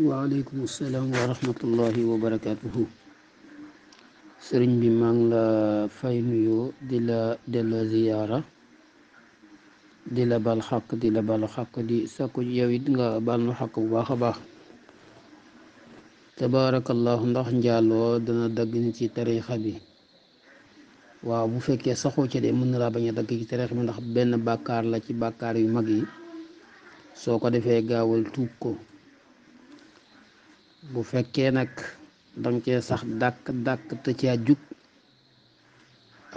waaleykum salaam wa rahmatullahi wa sëriñ bi maa la fay nuyoo di la delloo ziyaara di la bal xaq di la bal xaq di sakku yow it nga bal nu xaq bu baax a baax tabaarakallahu ndax njaaloo dana dagg ni ci tariixa bi waaw bu fekkee saxoo ci de mën na laa bañ a dagg ci tariixa bi ndax benn bàkkaar la ci bàkkaar yu mag yi soo ko defee gaawal tuub ko bu fekkee nag danga cee sax dàq dàkk te caa jug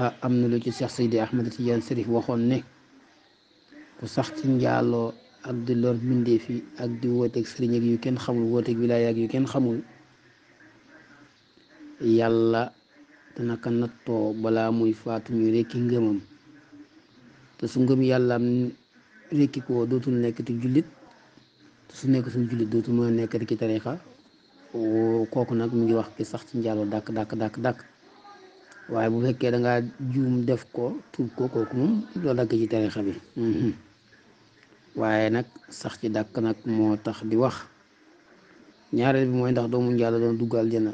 ah am na lu ci Cheikh Seydi Ahmad Tijaan Sërif waxoon ne ku sax ci njaaloo ak di lor mbindeef ak di wooteeg sëriñ yu kenn xamul wooteeg wilaaya ak yu kenn xamul yàlla te dana ko nattoo balaa muy faatu ñu rekki ngëmam te su ngëm yàllaam rekki ko dootul nekk jullit te su nekk suñ jullit dootul mën a ki tarixa kooku nag mu ngi wax ki sax ci njaaloo dàkk dàkk dàkk dàkk waaye bu fekkee da ngaa juum def ko tuub ko kooku moom doo dàkk ci tarixa bi mhm. waaye nag sax ci dàkk nag moo tax di wax ñaareel bi mooy ndax doomu njaaloo doon dugg aljana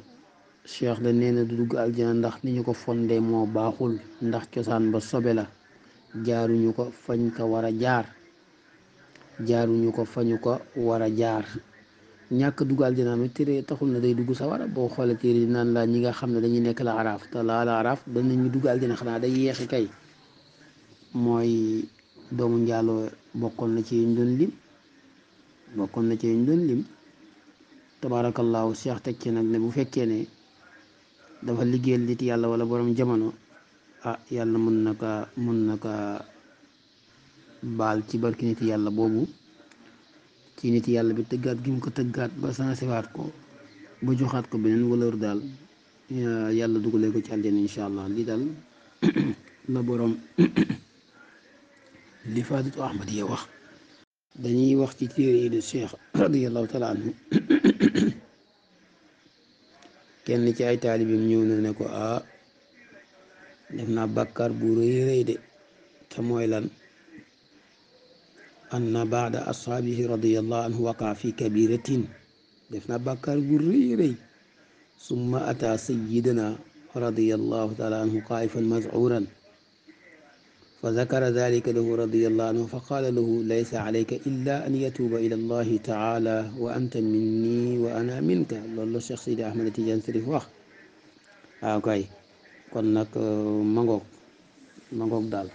cheikh da nee na du dugg aljana ndax ni ñu ko fonde moo baaxul ndax cosaan ba sobe la jaaruñu ko fañ ko war a jaar jaaruñu ko fañu ko war a jaar ñàkk dugg aljana mi téere taxul na day dugg sawara boo xoolee téere naan laa ñi nga xam ne dañu nekk la araaf te laa la araaf danañu dugg aljana xanaa day yeexi kay mooy doomu njaaloo bokkoon na ci yuñ doon lim bokkoon na ci yuñ doon lim tabaarakallaahu cheikh teg ci nag ne bu fekkee ne dafa liggéey liit yàlla wala borom jamono ah yàlla mën na ka mën na ka baal ci barki nit yàlla boobu ci nit yàlla bi tëggaat gi mu ko tëggaat ba sansewaat ko ba joxaat ko beneen wëlër daal yàlla dugg dugalee ko ci àljana incha allah lii daal la borom li faadatu ahmad ya wax dañuy wax ci téere yi de cheikh radiallahu taala kenn ci ay taalibim ñëw na ne ko ah def naa bàkkaar bu rëy de te mooy lan anna baada ashaabihi radiallahu anhu waqa fi kabiratin def na bàkkaar gu rëy rëy summa ata sayidana radiallahu taala anhu qaifan mazuran fa zakara dalika lahu radiallahu anhu fa qaala lahu laysa alayka illa an yatuuba ila allahi taala wa anta minni wa ana minka loolu la Cheikh Sidi Ahmad Tidiane Cherif wax waaw kay kon nag uh, mangoog mangoog daal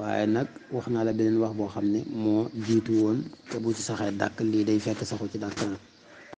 waaye nag wax naa la beneen wax boo xam ne moo jiitu woon te bu ci saxee dàq lii day fekk saxu ci dàkk na